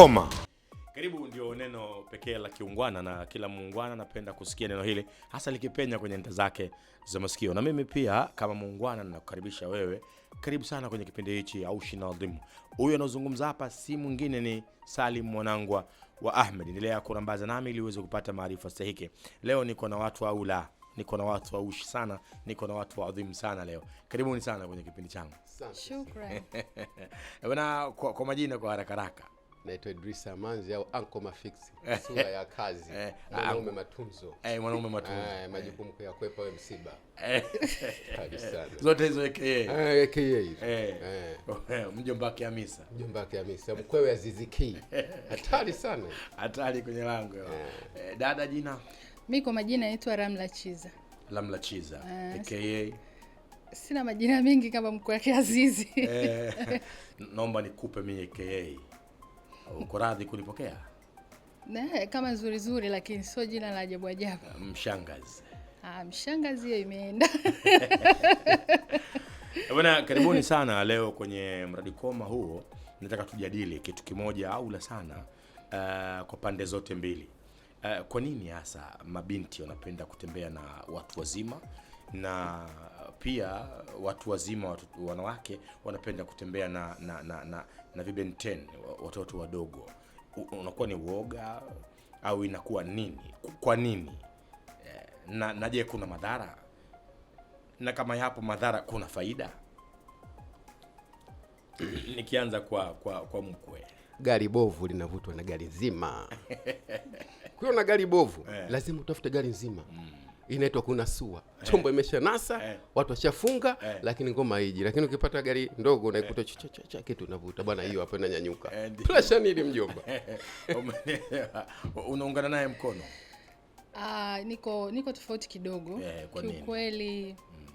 koma. Karibu ndio neno pekee la kiungwana, na kila muungwana anapenda kusikia neno hili, hasa likipenya kwenye nta zake za masikio. Na mimi pia kama muungwana ninakukaribisha wewe, karibu sana kwenye kipindi hichi Aushina Adhimu. Huyu anaozungumza hapa si mwingine ni Salim Mwanangwa wa Ahmed. Endelea kurambaza nami ili uweze kupata maarifa stahiki. Leo niko na watu la niko na watu waushi sana, niko na watu waadhimu sana leo. Karibuni sana kwenye kipindi changu. Shukrani. Bwana, kwa, kwa majina kwa haraka haraka naitwa Idrisa Manzi au Anko Mafix, sura ya kazi, eh, mwanaume matunzo, eh, mwanaume matunzo, eh, majukumu ya kwepa wewe msiba eh. kabisa, zote hizo yake yeye aka eh, eh. mjomba wake Hamisa, mjomba wake Hamisa, mkwewe aziziki, hatari sana, hatari kwenye lango. Dada jina mimi kwa majina naitwa Ramla Chiza, Ramla Chiza ah, aka sina majina mengi kama mkwe wake Azizi. Naomba nikupe mi aka uko radhi kulipokea? Na, kama nzuri nzuri, lakini sio jina la ajabu ajabu. Ah, mshangazi. Ah, mshangazi hiyo imeenda. Bwana, karibuni sana leo kwenye mradi koma huo. Nataka tujadili kitu kimoja au la sana, uh, kwa pande zote mbili. Uh, kwa nini hasa mabinti wanapenda kutembea na watu wazima na pia watu wazima watu, wanawake wanapenda kutembea na na na, na, na vibenten watoto wadogo. Unakuwa ni uoga au inakuwa nini? Kwa nini? Eh, na, na je, kuna madhara? Na kama yapo madhara, kuna faida? Nikianza kwa kwa, kwa mkwe gari bovu linavutwa na gari nzima. na gari bovu, eh. lazima utafute gari nzima mm inaitwa kuna sua eh. chombo hey. imesha nasa eh, watu washafunga eh, lakini ngoma haiji, lakini ukipata gari ndogo unaikuta eh, cha kitu unavuta bwana, hiyo hapo inanyanyuka eh, presha mjomba unaungana naye mkono. Uh, niko niko tofauti kidogo hey, eh, kiukweli hmm.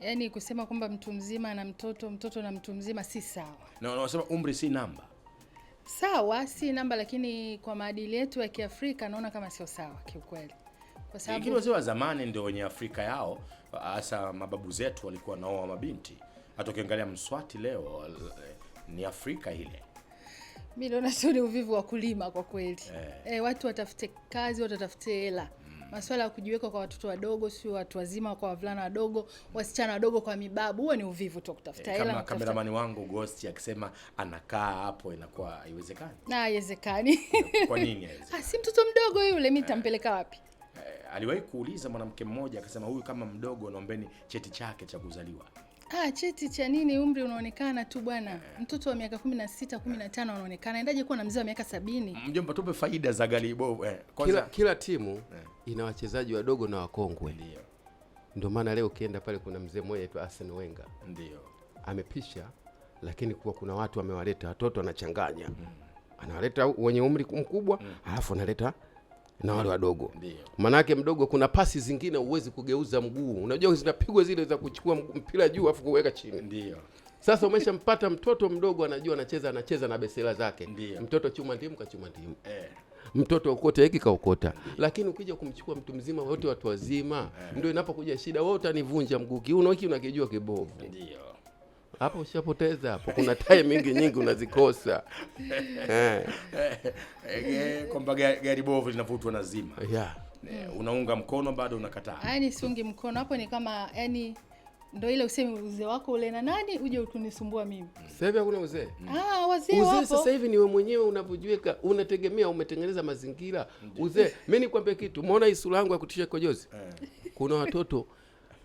Yaani kusema kwamba mtu mzima na mtoto, mtoto na mtu mzima si sawa. Na unasema umri si namba. Sawa, si namba, lakini kwa maadili yetu ya Kiafrika naona kama sio sawa kiukweli kwa sababu lakini wazee wa zamani ndio wenye Afrika yao, hasa mababu zetu walikuwa naoa mabinti. Hata ukiangalia Mswati leo ni Afrika ile. Mimi naona sio, ni uvivu wa kulima kwa kweli eh. Eh, watu watafute kazi, watu watafute hela mm. masuala ya kujiweka kwa watoto wadogo, sio watu wazima kwa wavulana wadogo, wasichana wadogo kwa mibabu, huo ni uvivu tu kutafuta eh, hela. Kama kameramani wangu Ghost akisema anakaa hapo, inakuwa haiwezekani na haiwezekani. Kwa nini haiwezekani? Ah, si mtoto mdogo yule, mimi nitampeleka wapi? aliwahi kuuliza mwanamke mmoja akasema, huyu kama mdogo, naombeni cheti chake cha kuzaliwa. Ah, cheti cha nini? Umri unaonekana tu bwana. Eh. Mtoto wa miaka 16, 15 anaonekana. Endaje kuwa na mzee wa miaka sabini Mjomba, tupe faida za bovu Eh, kila, kila timu eh, ina wachezaji wadogo na wakongwe. Ndio. Ndio maana leo ukienda pale kuna mzee mmoja aitwa Arsene Wenger. Ndio. Amepisha lakini kuwa kuna watu amewaleta watoto anachanganya. Mm. Mm-hmm. Anawaleta wenye umri mkubwa, mm. Alafu analeta na wale wadogo. Manake mdogo, kuna pasi zingine huwezi kugeuza mguu, unajua zinapigwa zile za kuchukua mpira juu afu kuweka chini. Ndiyo. Sasa umeshampata mtoto mdogo, anajua anacheza, anacheza na besela zake. Ndiyo. Mtoto chuma ndimu kachuma ndimu eh. Mtoto ukota hiki kaokota, lakini ukija kumchukua mtu mzima, wote watu wazima eh. Ndio inapokuja shida, wewe utanivunja mguu, kiuno hiki unakijua kibovu. Ndio hapo ushapoteza hapo. Kuna timing nyingi unazikosa eh. Eh, eh, kwamba gari bovu linavutwa na zima yeah. unaunga mkono bado unakataa. yani siungi mkono hapo, ni kama yani ndo ile useme uzee wako ule na nani uje utunisumbua mimi. Sasa hivi hakuna uzee. Mm. Ah, wazee wapo. Uzee sasa hivi ni wewe mwenyewe unavyojiweka, unategemea umetengeneza mazingira. Uzee, mimi nikwambie kitu, umeona hii sura yangu ya kutisha kojozi? Kuna watoto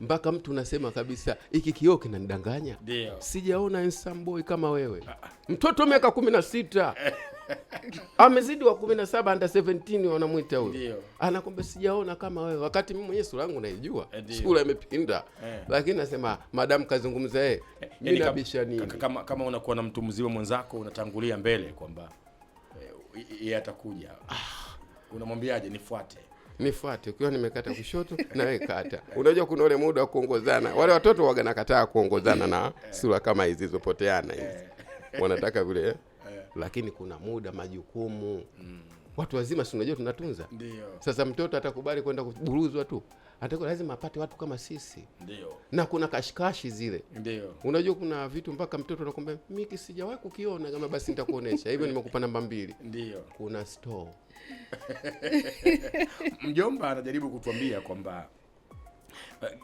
mpaka mtu unasema kabisa hiki kioo kinanidanganya. Sijaona handsome kama wewe. Ah, ah. Mtoto miaka 16. Amezidi wa 17 anda 17 wanamwita huyo. Anakwambia sijaona kama wewe. Wakati mimi mwenyewe sura yangu naijua. Eh, sura imepinda. Eh. Lakini nasema madam kazungumza yeye. Eh, mimi nabisha nini? Kama kama unakuwa na mtu mzima mwenzako unatangulia mbele kwamba yeye atakuja. Ah, unamwambiaje nifuate? nifuate, ukiwa nimekata kushoto na wewe kata. Unajua kuna ule muda wa kuongozana, wale watoto waga nakataa kuongozana na sura kama hizi zopoteana hizi, eh. wanataka vile, eh. lakini kuna muda majukumu, mm. watu wazima, si unajua tunatunza. Sasa mtoto atakubali kwenda kuburuzwa tu atakuwa lazima apate watu kama sisi. Ndio. Na kuna kashikashi zile. Ndio. Unajua kuna vitu mpaka mtoto anakuambia mimi sijawahi kukiona kama basi nitakuonesha. Hivyo nimekupa namba mbili. Ndio. Kuna store. Mjomba anajaribu kutuambia kwamba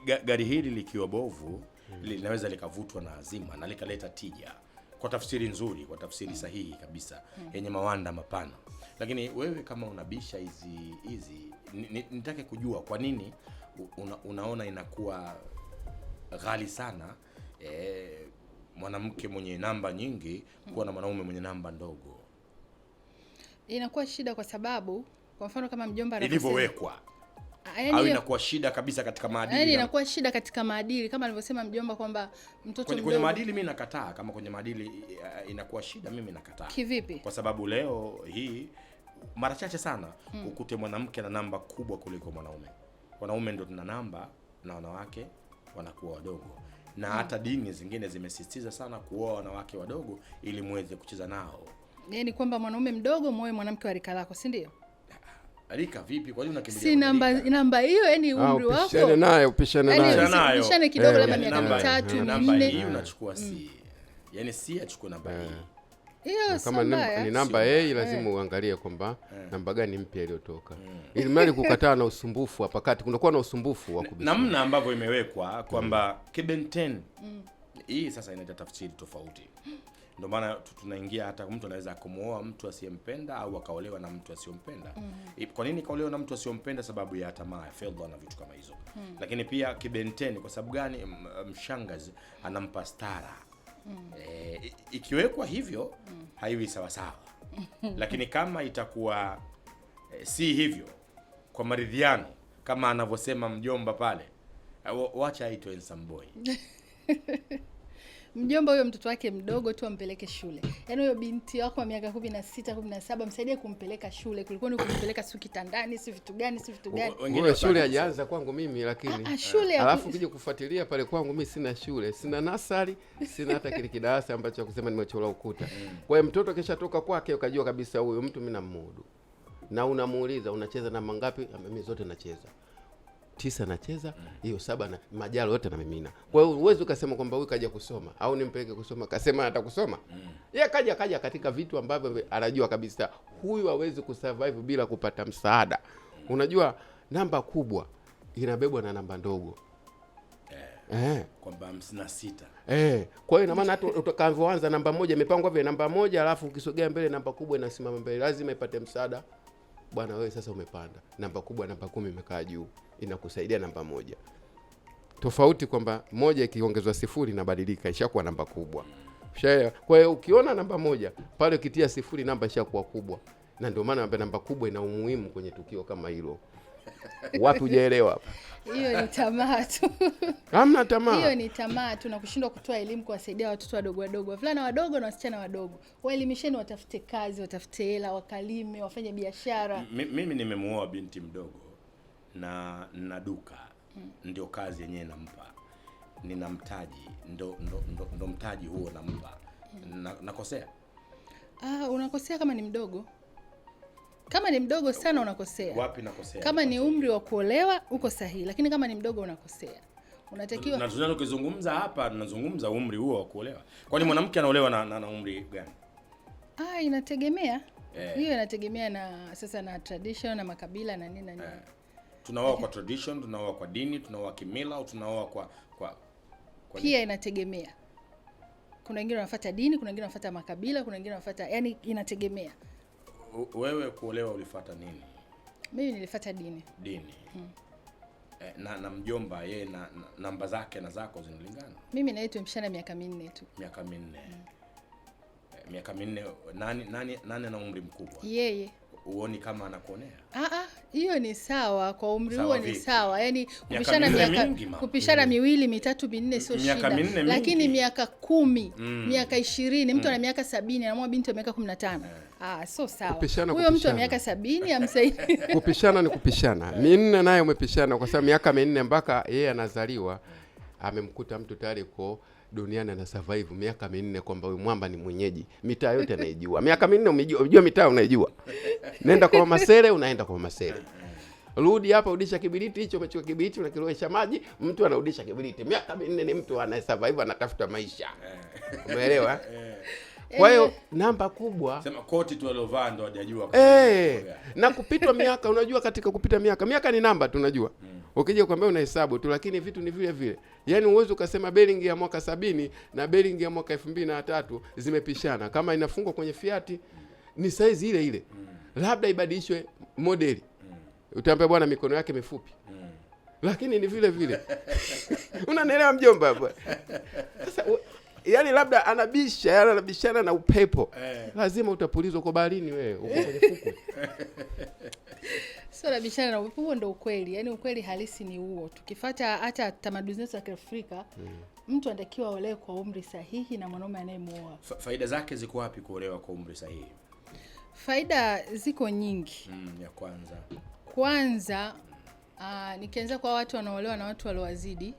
eh, gari hili likiwa bovu hmm. linaweza likavutwa na azima na likaleta tija kwa tafsiri nzuri, kwa tafsiri hmm. sahihi kabisa hmm. yenye mawanda mapana. Lakini wewe kama unabisha hizi hizi, nitake kujua kwa nini una, unaona inakuwa ghali sana e, mwanamke mwenye namba nyingi kuwa na mwanaume mwenye namba ndogo inakuwa shida, kwa sababu kwa mfano kama mjomba ilivyowekwa ah, au inakuwa shida kabisa katika maadili. Yaani inakuwa shida katika maadili kama alivyosema mjomba kwamba mtoto kwenye, kwenye maadili mimi nakataa. Kama kwenye maadili eh, inakuwa shida, mimi nakataa. Kivipi? Kwa sababu leo hii mara chache sana hmm. ukute mwanamke na namba kubwa kuliko mwanaume wanaume ndio tuna namba na wanawake wanakuwa wadogo na hata dini zingine zimesisitiza sana kuoa wanawake wadogo ili muweze kucheza nao. Eh, ni kwamba mwanaume mdogo muoe mwanamke wa rika lako, si ndio? Ah, rika vipi? Kwa nini Si namba namba hiyo, yani umri wako. Upishane naye upishane naye Upishane kidogo labda miaka mitatu, minne. hii unachukua si. Mm. yani si achukue namba eh. hii kama namba, ni namba A lazima yeah. Uangalie kwamba yeah. namba gani mpya iliyotoka yeah. Mm. ili mali kukataa na usumbufu hapa kati, kunakuwa na usumbufu wa kubisha namna ambavyo imewekwa kwamba mm. 10 mm. hii sasa inaleta tafsiri tofauti ndio maana tunaingia hata mtu anaweza akamwoa mtu asiyempenda au akaolewa na mtu asiyompenda. mm Kwa nini kaolewa na mtu asiyompenda? Sababu ya tamaa ya fedha na vitu kama hizo. mm Lakini pia kibenteni, kwa sababu gani mshangazi anampa stara mm. E, ikiwekwa hivyo mm. haiwi sawasawa lakini kama itakuwa e, si hivyo kwa maridhiano kama anavyosema mjomba pale, eh, wacha aitwe Nsamboi. mjomba huyo mtoto wake mdogo tu ampeleke shule. Yaani huyo binti wako wa miaka kumi na sita kumi na saba msaidie kumpeleka shule kuliko ni kumpeleka si kitandani si vitu gani si vitu gani. Wengine shule hajaanza kwangu mimi lakini ah, ah shule alafu kija kufuatilia pale kwangu mimi sina shule sina nasari sina hata kile kidarasa ambacho kusema nimechora ukuta. Kwa hiyo mtoto akishatoka kwake ukajua kabisa huyu mtu mimi namudu na unamuuliza unacheza na mangapi? Mimi zote nacheza tisa anacheza hiyo saba na majalo yote anamimina. Kwa hiyo huwezi ukasema kwamba huyu kaja kusoma au nimpeleke kusoma, kasema hata kusoma yeye kaja kaja katika vitu ambavyo anajua kabisa huyu hawezi kusurvive bila kupata msaada. Unajua namba kubwa inabebwa na namba ndogo eh, eh. kwamba hamsini na sita eh. Kwa hiyo ina maana hata utakavyoanza namba moja imepangwa vile namba moja, alafu ukisogea mbele namba kubwa inasimama mbele, lazima ipate msaada. Bwana wewe sasa umepanda namba kubwa, namba kumi imekaa juu inakusaidia namba moja, tofauti kwamba moja ikiongezwa sifuri inabadilika, ishakuwa namba kubwa. Kwa hiyo ukiona namba moja pale ukitia sifuri, namba ishakuwa kubwa, na ndio maana namba kubwa ina umuhimu kwenye tukio kama hilo. Watu hujaelewa hapa. Hiyo ni tamaa tu. Hamna tamaa. Hiyo ni tamaa tu na kushindwa kutoa elimu kuwasaidia watoto wadogo wadogo, wavulana wadogo na wasichana wadogo. Waelimisheni, watafute kazi, watafute hela, wakalime, wafanye biashara. Mimi nimemuoa binti mdogo na na duka hmm. ndio kazi yenyewe nampa, nina mtaji ndo, ndo, ndo, ndo mtaji huo nampa mm. na, nakosea? Ah, unakosea kama ni mdogo kama ni mdogo sana unakosea. Wapi nakosea? Kama ni umri wa kuolewa uko sahihi, lakini kama ni mdogo unakosea. Unatakiwa na hapa, tunazungumza umri huo wa kuolewa. Kwani mwanamke anaolewa na, na, na umri gani? Ah, inategemea eh. hiyo yeah. Inategemea na sasa na tradition na makabila na nini na nini yeah tunaoa kwa tradition, tunaoa kwa dini, tunaoa kimila au tunaoa kwa, kwa, kwa pia inategemea. Kuna wengine wanafuata dini, kuna wengine wanafuata makabila, kuna wengine wanafuata, yani inategemea. Wewe kuolewa ulifuata nini? Mimi nilifuata dini. Dini. Hmm. E, Na, na mjomba yeye na, na namba zake na zako zinalingana. Mimi na yeye tumeshana miaka minne tu. Miaka minne. Mm. E, miaka minne nani nani nani ana umri mkubwa? Yeye. Uoni kama anakuonea? Ah ah, hiyo ni sawa kwa umri huo, ni sawa yani kupishana miaka, miaka kupishana mm. miwili mitatu minne sio shida, lakini miaka kumi mm. miaka ishirini mtu mm. ana miaka sabini anamua binti wa miaka kumi na tano eh. ah, so sawa. Huyo mtu wa miaka sabini amsaidie kupishana ni kupishana minne, naye umepishana kwa sababu miaka minne mpaka yeye anazaliwa amemkuta mtu tayari kwa duniani ana survive miaka minne, kwamba huyu mwamba ni mwenyeji, mitaa yote anaijua. Miaka minne umejua, unajua mitaa unaijua, nenda kwa mama Sere, unaenda kwa mama Sere, rudi hapa, udisha kibiriti hicho, umechukua kibiriti unakilowesha maji, mtu anaudisha kibiriti. Miaka minne ni mtu ana survive, anatafuta maisha, umeelewa? Kwa hiyo namba kubwa sema koti aliovaa ndo hajajua eh, na kupitwa miaka. Unajua, katika kupita miaka, miaka ni namba tunajua mm. Ukija kuambia hesabu tu, lakini vitu ni vile vile. Yaani uwezo ukasema Bering ya mwaka sabini na Bering ya mwaka elfu mbili na tatu zimepishana. Kama inafungwa kwenye Fiat ni saizi ile ile, mm. labda ibadilishwe modeli. Mm. Utaambia bwana, mikono yake mifupi mm. lakini ni vile vile unanielewa mjomba hapa sasa yani labda anabisha yani anabishana na upepo eh, lazima utapulizwa kwa baharini wewe uko kwenye fukwe sio nabishana na upepo. Huo ndo ukweli, yani ukweli halisi ni huo. Tukifata hata tamaduni zetu za Kiafrika mm, mtu anatakiwa aolewe kwa umri sahihi na mwanaume anayemuoa. Fa faida zake ziko wapi kuolewa kwa umri sahihi? Faida ziko nyingi. Mm, ya kwanza kwanza, uh, nikianza kwa watu wanaolewa na watu waliowazidi,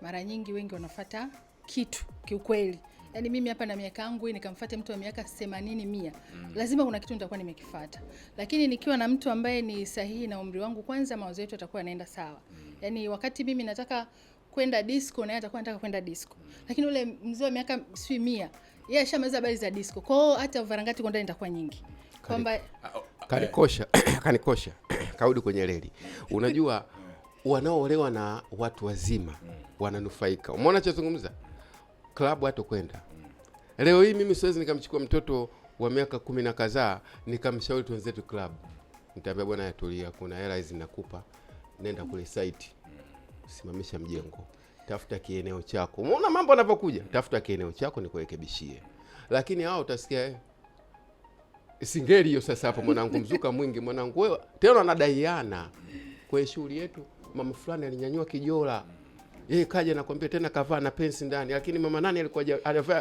mara nyingi wengi wanafata kitu kiukweli. Yaani mimi hapa na miaka yangu hii nikamfuata mtu wa miaka 80 mia, mm. lazima kuna kitu nitakuwa nimekifuata. Lakini nikiwa na mtu ambaye ni sahihi na umri wangu, kwanza mawazo yetu yatakuwa yanaenda sawa. mm. Yaani wakati mimi nataka kwenda disco, na yeye atakuwa anataka kwenda disco. Mm. Lakini ule mzee wa miaka si mia, yeye ashamaliza habari za disco. Kwa hiyo hata varangati kwa ndani itakuwa nyingi. Kwamba ah, oh, ah, kanikosha, kanikosha. Kaudi kwenye reli. Unajua wanaoolewa na watu wazima mm. wananufaika. Umeona nachozungumza? klabu hata kwenda. Leo hii mimi siwezi nikamchukua mtoto wa miaka kumi na kadhaa nikamshauri tu klabu, nitaambia bwana, yatulia, kuna hela hizi nakupa, nenda kule site, simamisha mjengo, tafuta kieneo chako. Umeona mambo yanapokuja, tafuta kieneo chako nikurekebishie. Lakini hao utasikia eh, singeli hiyo. Sasa hapo mwanangu, mzuka mwingi mwanangu, wewe tena anadaiana kwenye shughuli yetu, mama fulani alinyanyua kijola mm yeye kaja nakwambia tena kavaa na pensi ndani, lakini mama nani alikuwa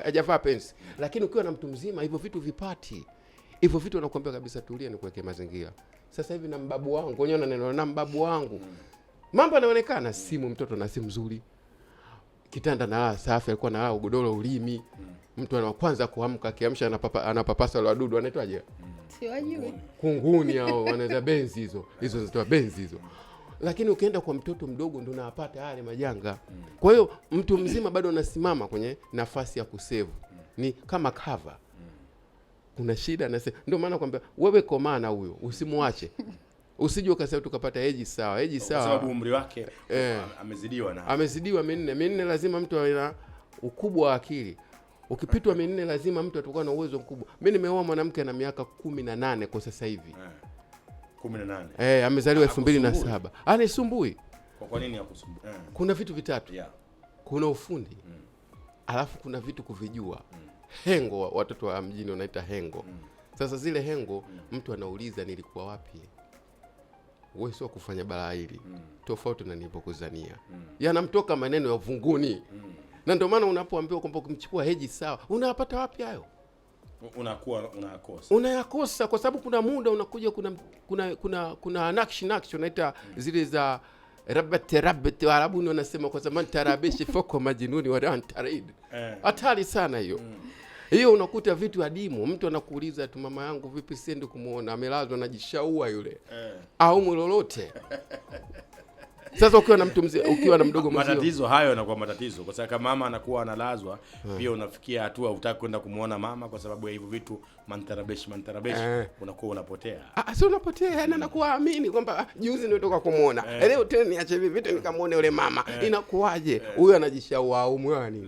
hajavaa pensi. Lakini ukiwa na mtu mzima hivyo vitu vipati, hivyo vitu anakuambia kabisa, tulia, nikuwekee mazingira. Sasa hivi na mbabu wangu wenyewe na neno na mbabu wangu, mambo yanaonekana, simu mtoto na simu nzuri, kitanda na safi, alikuwa na godoro ulimi, mtu wa kwanza kuamka akiamsha anapapa, anapapasa wale wadudu anaitwaje? siwajui kunguni, au wanaweza benzi hizo hizo, zitoa benzi hizo lakini ukienda kwa mtoto mdogo ndo unapata yale majanga. Mm. Kwa hiyo mtu mzima bado anasimama kwenye nafasi ya kusevu, mm. ni kama kava mm. kuna shida na ndio maana kwamba wewe komaa na huyo usimwache, usije ukasema tukapata eji sawa eji sawa, kwa sababu umri wake eh, amezidiwa na amezidiwa minne minne, lazima mtu na ukubwa wa akili. Ukipitwa minne, lazima mtu atakuwa na uwezo mkubwa. Mimi nimeoa mwanamke na miaka kumi na nane kwa sasa hivi eh. 18. Eh, amezaliwa 2007. Ah, Anisumbui. Kwa nini akusumbui? Eh. Kuna vitu vitatu. Yeah. Kuna ufundi. Mm. Alafu kuna vitu kuvijua. Mm. Hengo watoto wa mjini wanaita hengo. Mm. Sasa zile hengo mm. mtu anauliza nilikuwa wapi? Wewe sio kufanya balaa hili. Mm. Tofauti na nilipokuzania. Mm. Yanamtoka maneno ya uvunguni. Mm. Na ndio maana unapoambiwa kwamba ukimchukua Heji sawa, unapata wapi hayo? unakuwa unayakosa unayakosa, kwa sababu kuna muda unakuja, kuna kuna kuna kuna nakshi nakshi unaita hmm. zile za rabate rabate, Waarabuni wanasema kwa zamani tarabishi foko majinuni warantarid eh. hatari eh. sana hiyo hmm hiyo unakuta vitu adimu. Mtu anakuuliza tu, mama yangu vipi, siende kumwona, amelazwa, anajishaua yule eh, au lolote Sasa ukiwa na mtu mzee, ukiwa na mdogo mzee, matatizo hayo yanakuwa matatizo, kwa sababu mama anakuwa analazwa eh. pia, unafikia hatua hutaki kwenda kumwona mama kwa sababu ya hivyo vitu, mantarabeshi mantarabeshi, eh. unakuwa unapotea. Ah, ah sio unapotea, yani hmm. anakuwa amini kwamba ah, juzi nitoka kumwona, leo eh. yaani tena niache hivi vitu nikamuone yule mama. Inakuwaje huyo au mwani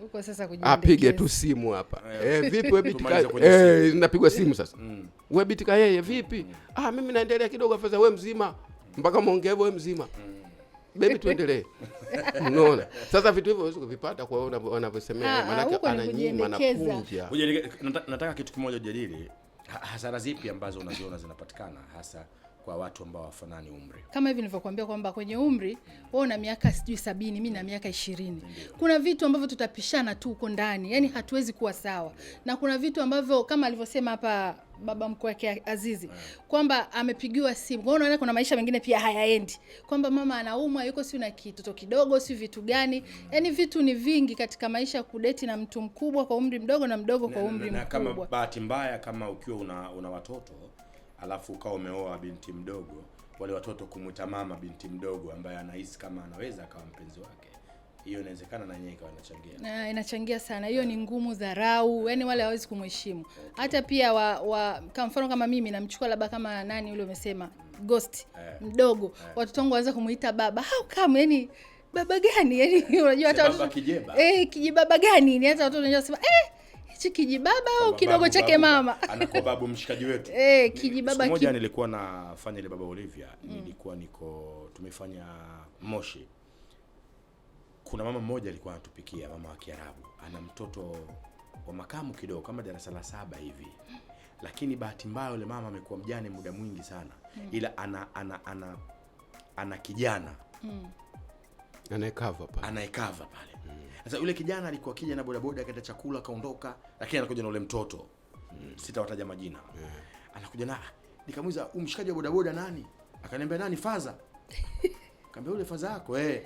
huko sasa apige tu simu hapa eh, vipi wewe bitika eh, napigwa simu sasa mm. wewe bitika yeye vipi mm. ah, mimi naendelea kidogo afadhali wewe mzima mpaka mongevo mzima mm. Bebi, tuendelee. Unaona, sasa vitu hivyo huwezi kuvipata kwa wanavyosemea, ah, maanake ananyima na kunja. Nataka kitu kimoja ujadili, hasara zipi ambazo unaziona zinapatikana hasa kwa watu ambao wafanani umri, kama hivi nilivyokuambia kwamba kwenye umri wewe una miaka sijui sabini, mimi na miaka ishirini. Kuna vitu ambavyo tutapishana tu huko ndani, yani hatuwezi kuwa sawa, na kuna vitu ambavyo kama alivyosema hapa baba mkuu wake Azizi eh. kwamba amepigiwa simu, unaona kuna maisha mengine pia hayaendi, kwamba mama anaumwa, yuko si na kitoto kidogo, si vitu gani, mm. yani vitu ni vingi katika maisha, kudeti na mtu mkubwa kwa umri mdogo na mdogo kwa umri mkubwa. Na, na, na, na, kama bahati mbaya kama ukiwa una, una watoto alafu ukawa umeoa binti mdogo, wale watoto kumwita mama binti mdogo ambaye anahisi kama anaweza akawa mpenzi wake hiyo inawezekana na yeye ikawa inachangia na inachangia sana hiyo. Ni ngumu, dharau, yani wale hawawezi kumheshimu okay. Hata pia wa, wa kama mfano kama mimi namchukua labda kama nani yule umesema ghost eh, mdogo eh, watoto wangu waanza kumuita baba how come yani baba gani yani unajua hata watoto eh kijibaba gani ni hata watoto wanajua sema eh hichi kijibaba au kidogo chake mama anakuwa babu mshikaji wetu eh, kijibaba moja. Nilikuwa nafanya ile baba Olivia mm. nilikuwa niko tumefanya Moshi, kuna mama mmoja alikuwa anatupikia, mama wa Kiarabu, ana mtoto wa makamu kidogo kama darasa la saba hivi, lakini bahati mbaya yule mama amekuwa mjane muda mwingi sana mm. ila ana ana ana, ana kijana mm. anaekava pale anaekava pale sasa yule kijana alikuwa kija na bodaboda akaenda chakula kaondoka, lakini anakuja na ule mtoto mm. sitawataja majina yeah. anakuja na nikamuuliza umshikaji wa bodaboda nani? Akaniambia nani Faza. Kaambia yule Faza yako eh.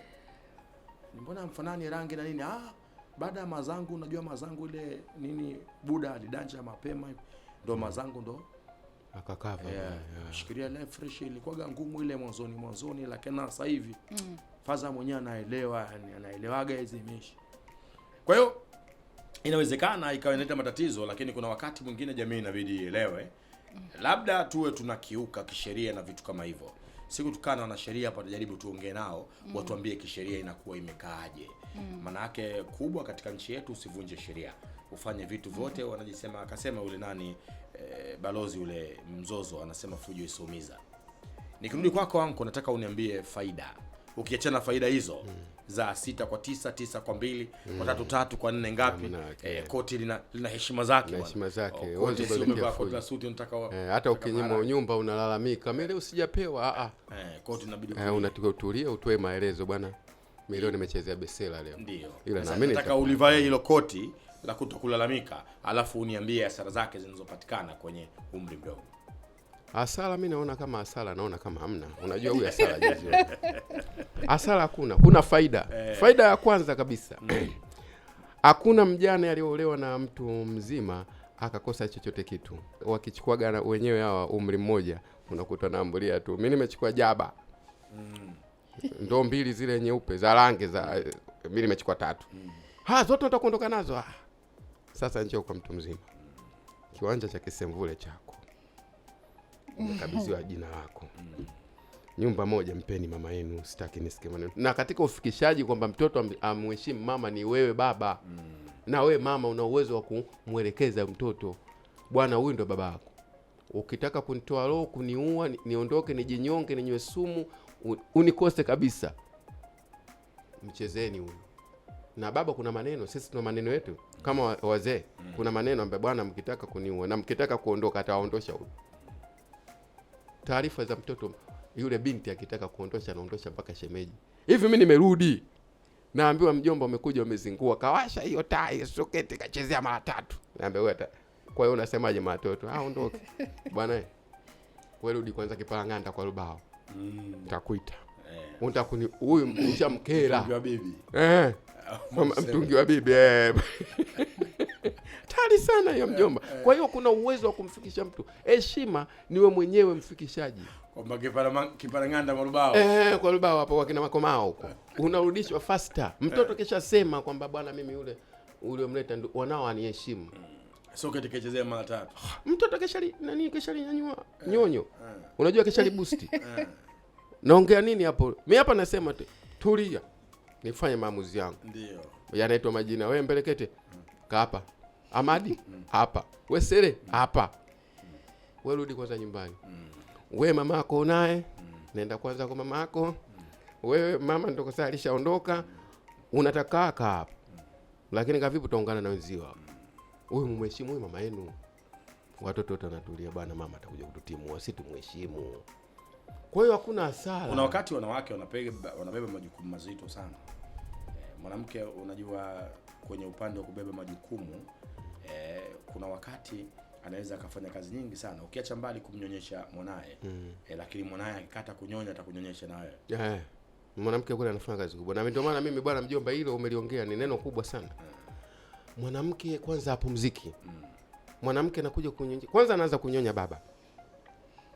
ni Mbona mfanani rangi na nini? Ah, baada ya mazangu unajua mazangu ile nini Buda alidanja mapema ndo mazangu ndo akakava yeah. yeah. Shikiria ile fresh ilikuwa ngumu ile mwanzoni mwanzoni, lakini sasa hivi mm. Faza mwenyewe anaelewa, anaelewaga hizi mishi kwa hiyo inawezekana ikawa inaleta matatizo, lakini kuna wakati mwingine jamii inabidi ielewe, labda tuwe tunakiuka kisheria na vitu kama hivyo. Siku tukaa na wanasheria hapa, tujaribu tuongee nao mm. watuambie kisheria inakuwa imekaaje mm. kubwa katika nchi yetu, usivunje sheria, ufanye vitu mm. vyote mm. Wanajisema, akasema ule nani e, balozi ule mzozo anasema fujo isiumiza. Nikirudi kwako anko, nataka uniambie faida ukiachana na faida hizo mm. za sita kwa tisa tisa kwa mbili mm. kwa tatu tatu kwa nne ngapi mm. eh, koti lina, lina heshima zake lina heshima zake oh, eh, hata ukinyima nyumba unalalamika mimi usijapewa a ah, a ah. eh, koti inabidi eh, unatakiwa utulie utoe maelezo bwana milioni nimechezea besela leo ndio ila naamini nataka ulivae hilo koti la kutokulalamika alafu uniambie hasara zake zinazopatikana kwenye umri mdogo Hasara mi naona kama hasara, naona kama hamna. Unajua huyu hasara juzi hasara hakuna, kuna faida eh. Faida ya kwanza kabisa mm. hakuna mjane aliyoolewa na mtu mzima akakosa chochote kitu. Wakichukua gana wenyewe hawa umri mmoja unakuta naambulia tu, mi nimechukua jaba mm. ndo mbili zile nyeupe za rangi za eh, mi nimechukua tatu mm. ha zote utakuondoka nazo ha. Ah. Sasa njoo kwa mtu mzima, kiwanja cha Kisemvule chako umekabidhiwa jina lako mm nyumba moja mpeni mama yenu, sitaki nisikie maneno. Na katika ufikishaji kwamba mtoto amheshimu mama ni wewe baba mm. na wewe mama una uwezo wa kumwelekeza mtoto, bwana, huyu ndo baba yako. Ukitaka kunitoa roho, kuniua, niondoke, nijinyonge, ninywe sumu, unikose kabisa, mchezeni huyu na baba. Kuna maneno, sisi tuna maneno yetu kama wazee, mm. kuna maneno ambayo bwana, mkitaka kuniua na mkitaka kuondoka, atawaondosha huyu. Taarifa za mtoto yule binti akitaka kuondosha anaondosha mpaka shemeji. Hivi mimi nimerudi naambiwa mjomba, umekuja umezingua, kawasha hiyo tai soketi kachezea mara tatu. Naambia wewe, kwa hiyo unasemaje matoto? Ah, ondoke bwana, eh, wewe rudi kwanza Kipalang'anda kwa Rubao, mm. nitakuita mm. Eh. Unataka huyu mshamkera mtungi wa bibi eh, mtungi wa bibi eh. tari sana hiyo mjomba. Kwa hiyo kuna uwezo wa kumfikisha mtu heshima, niwe mwenyewe mfikishaji. Kiparang'anda kwa Rubao. Eh, kwa Rubao hapo kwa kina makomao huko. Unarudishwa faster. Mtoto kesha sema kwamba bwana mimi yule uliomleta wanao aniheshimu. Mm. Soka kechezea mara tatu. Mtoto kesha nani kesha nyanyua eh, nyonyo. Eh. Unajua kesha boost. Eh. Naongea nini hapo? Mimi hapa nasema tu tulia. Nifanye maamuzi yangu. Ndio. Yanaitwa majina. Wewe mbelekete. Mm. Kaapa. Amadi mm. hapa. Wesere hapa. Wewe rudi kwanza nyumbani we mama yako unaye, nenda kwanza kwa mama yako. Wewe mama ndo sasa alishaondoka, unataka kaa hapa, lakini kavipi utaungana na wenzio hapo? Huyu mheshimu huyu mama yenu, watoto wote wanatulia bwana, mama atakuja kututimua, si tumheshimu. Kwa hiyo hakuna hasara. Kuna wakati wanawake wanabeba wanabeba majukumu mazito sana. Eh, mwanamke unajua, kwenye upande wa kubeba majukumu eh, kuna wakati anaweza akafanya kazi nyingi sana ukiacha mbali kumnyonyesha mwanaye mm. E, lakini mwanaye akikata kunyonya atakunyonyesha na wewe yeah. Eh. Mwanamke kule anafanya kazi kubwa, na ndio maana mimi bwana mjomba, hilo umeliongea ni neno kubwa sana mm. Mwanamke kwanza apumziki mm. Mwanamke anakuja kunyonya kwanza, anaanza kunyonya baba,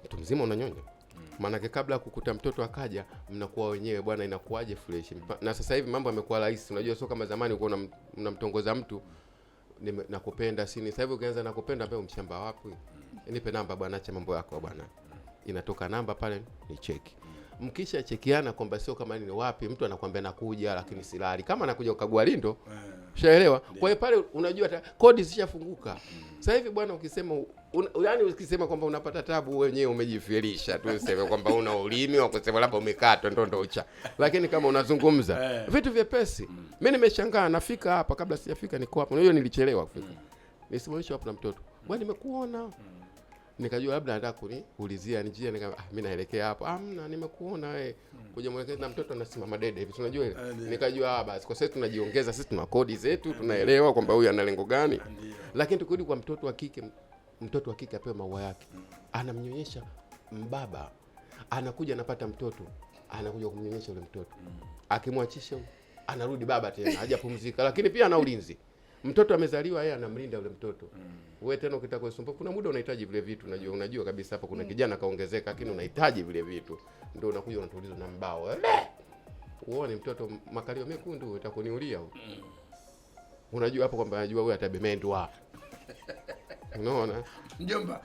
mtu mzima unanyonya mm. maanake kabla kukuta mtoto akaja, mnakuwa wenyewe bwana, inakuwaje fresh. Na sasa hivi mambo yamekuwa rahisi, unajua sio kama zamani, ulikuwa unamtongoza mtu mm nakupenda sini. Sasa hivi ukianza nakupenda, ambaye umshamba wapi? Nipe namba bwana, acha mambo yako bwana. Inatoka namba pale, ni cheki mkisha chekiana kwamba sio kama ni wapi, mtu anakwambia nakuja, lakini silali. Kama anakuja ukagua lindo, eh. ushaelewa. Kwa hiyo pale unajua kodi zishafunguka mm. sasa hivi bwana, ukisema un, yaani ukisema kwamba unapata tabu wenyewe umejifirisha tu, useme kwamba una ulimi wa kusema labda ndo ndo ucha, lakini kama unazungumza eh. vitu vyepesi. Mimi mm. nimeshangaa, nafika hapa, kabla sijafika niko hapo, unajua nilichelewa kufika, mm. nisimamisha hapo na mtoto bwana, nimekuona nikajua labda anataka kuniulizia njia, nika ah, mimi naelekea hapo. Amna, ah, nimekuona wewe hmm. kuja mwelekeza na mtoto anasimama dede hivi, unajua ile. Nikajua ah, basi kwa sababu tunajiongeza sisi, tuna kodi zetu, tunaelewa kwamba huyu ana lengo gani. Lakini tukirudi kwa mtoto wa kike, mtoto wa kike apewe maua yake, hmm. anamnyonyesha mbaba, anakuja anapata mtoto, anakuja kumnyonyesha yule mtoto, hmm. akimwachisha anarudi baba tena, hajapumzika. Lakini pia ana ulinzi mtoto amezaliwa, yeye anamlinda yule mtoto mm. Wewe tena ukitaka kusumbua, kuna muda unahitaji vile vitu, unajua unajua kabisa hapo kuna mm. kijana kaongezeka, lakini unahitaji vile vitu, ndio unakuja unatulizwa na mbao eh, uone mtoto makalio mekundu, utakuniulia mm. Unajua hapo kwamba anajua wewe atabemendwa, unaona mjomba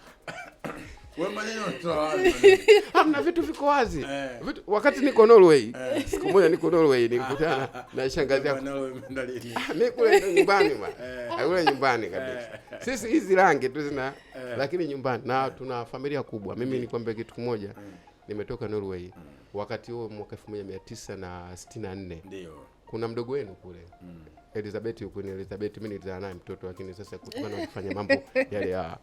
Hamna ah, vitu viko wazi eh. Vitu, wakati niko Norway eh. Siku moja niko Norway nikutana na shangazi yako mimi ah, kule nyumbani bwana, eh. ah, kule nyumbani kabisa. Eh. Sisi hizi rangi tu zina eh. Lakini nyumbani na eh. tuna familia kubwa. Mimi mm. nikwambia kitu kimoja mm. Nimetoka Norway mm. Wakati huo mwaka 1964 ndio kuna mdogo wenu kule mm. Elizabeth yuko ni Elizabeth, mimi nilizaa naye mtoto, lakini sasa kutokana na kufanya mambo yale ya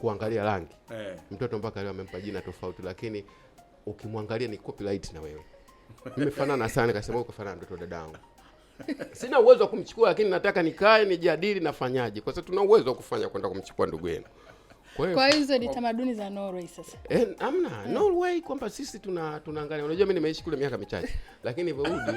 kuangalia rangi eh. Mtoto mpaka leo amempa jina tofauti, lakini ukimwangalia ni copyright na wewe nimefanana sana, kasema ukafanana mtoto wa dadangu. Sina uwezo wa kumchukua, lakini nataka nikae nijadili nafanyaje, kwa sababu tuna uwezo wa kufanya kwenda kumchukua ndugu yenu. Kwa hizo ni oh. tamaduni za Norway sasa. Eh, amna yeah. Norway kwamba sisi tuna tunaangalia. Unajua mimi nimeishi kule miaka michache. Lakini niliporudi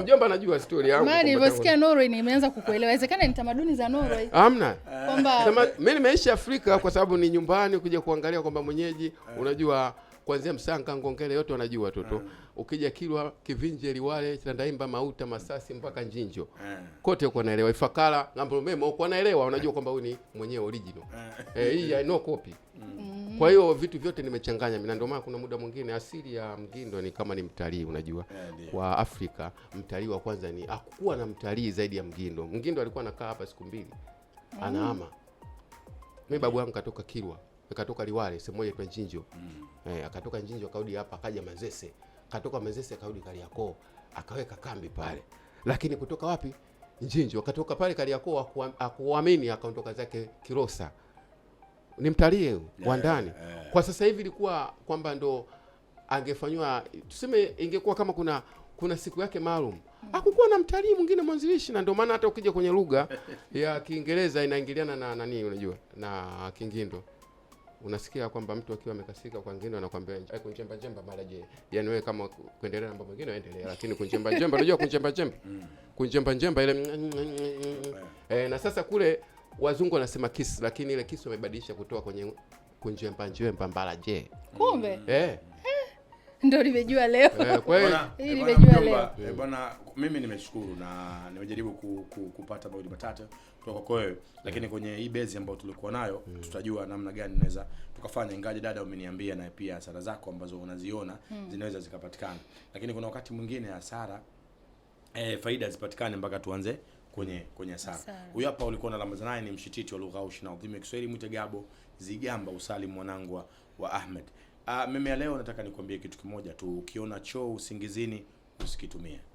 mjomba anajua story yangu. Mimi nilivyosikia Norway nimeanza kukuelewa. Inawezekana ni tamaduni za Norway. Amna. Kwamba mimi nimeishi Afrika kwa sababu ni nyumbani kuja kuangalia kwamba mwenyeji eh. unajua kuanzia Msanga Ngongele yote wanajua watoto. Eh ukija Kilwa, Kivinje, Liwale, Tandaimba, Mauta, Masasi mpaka Njinjo eh. kote uko naelewa. Ifakara, Ngambo Mema uko naelewa, unajua eh. kwamba huyu ni mwenyewe original eh, eh hii ya no copy. Mm. Kwa hiyo vitu vyote nimechanganya mimi, na ndio maana kuna muda mwingine asili ya Mgindo ni kama ni mtalii, unajua yeah, kwa Afrika mtalii wa kwanza ni hakukuwa na mtalii zaidi ya Mgindo. Mgindo alikuwa anakaa hapa siku mbili mm. anaama. Mimi babu yangu katoka Kilwa, akatoka Liwale, sehemu moja inaitwa Njinjo. Mm. Eh, akatoka Njinjo akarudi hapa akaja Manzese katoka Manzese akarudi Kariakoo akaweka kambi pale, lakini kutoka wapi? Njinji. Wakatoka pale Kariakoo akuamini, akaondoka zake Kilosa. Ni mtalii wa eh, ndani eh. kwa sasa hivi, ilikuwa kwamba ndo angefanywa tuseme, ingekuwa kama kuna kuna siku yake maalum. Hmm. Hakukuwa na mtalii mwingine mwanzilishi, na ndio maana hata ukija kwenye lugha ya Kiingereza inaingiliana na nani, unajua na Kingindo unasikia kwamba mtu akiwa amekasika kwa wengine wanakuambia kunjemba jemba mara je, yani wewe kama kuendelea na mambo mengine uendelea, lakini kunjemba jemba, unajua kunjemba jemba, mm. kunjemba jemba ile mm, mm, eh. eh. Na sasa kule wazungu wanasema kiss, lakini ile kiss wamebadilisha kutoa kwenye kunjemba njemba mara je, kumbe eh. eh ndio limejua leo eh, bwana. Mimi nimeshukuru na nimejaribu ku, ku, kupata mawili matatu kutoka kwayo, lakini mm. kwenye hii bezi ambayo tulikuwa nayo mm. tutajua namna gani naweza tukafanya, ingawa dada umeniambia na pia hasara zako ambazo unaziona mm. zinaweza zikapatikana, lakini kuna wakati mwingine hasara eh, faida zipatikane mpaka tuanze kwenye kwenye sara Huyu hapa ulikuwa unalamaza naye ni mshititi wa lugha ushi na udhimi Kiswahili, mwite Gabo Zigamba Usali, mwanangu wa Ahmed. Ah, mimi leo nataka nikwambie kitu kimoja tu, ukiona choo usingizini usikitumie.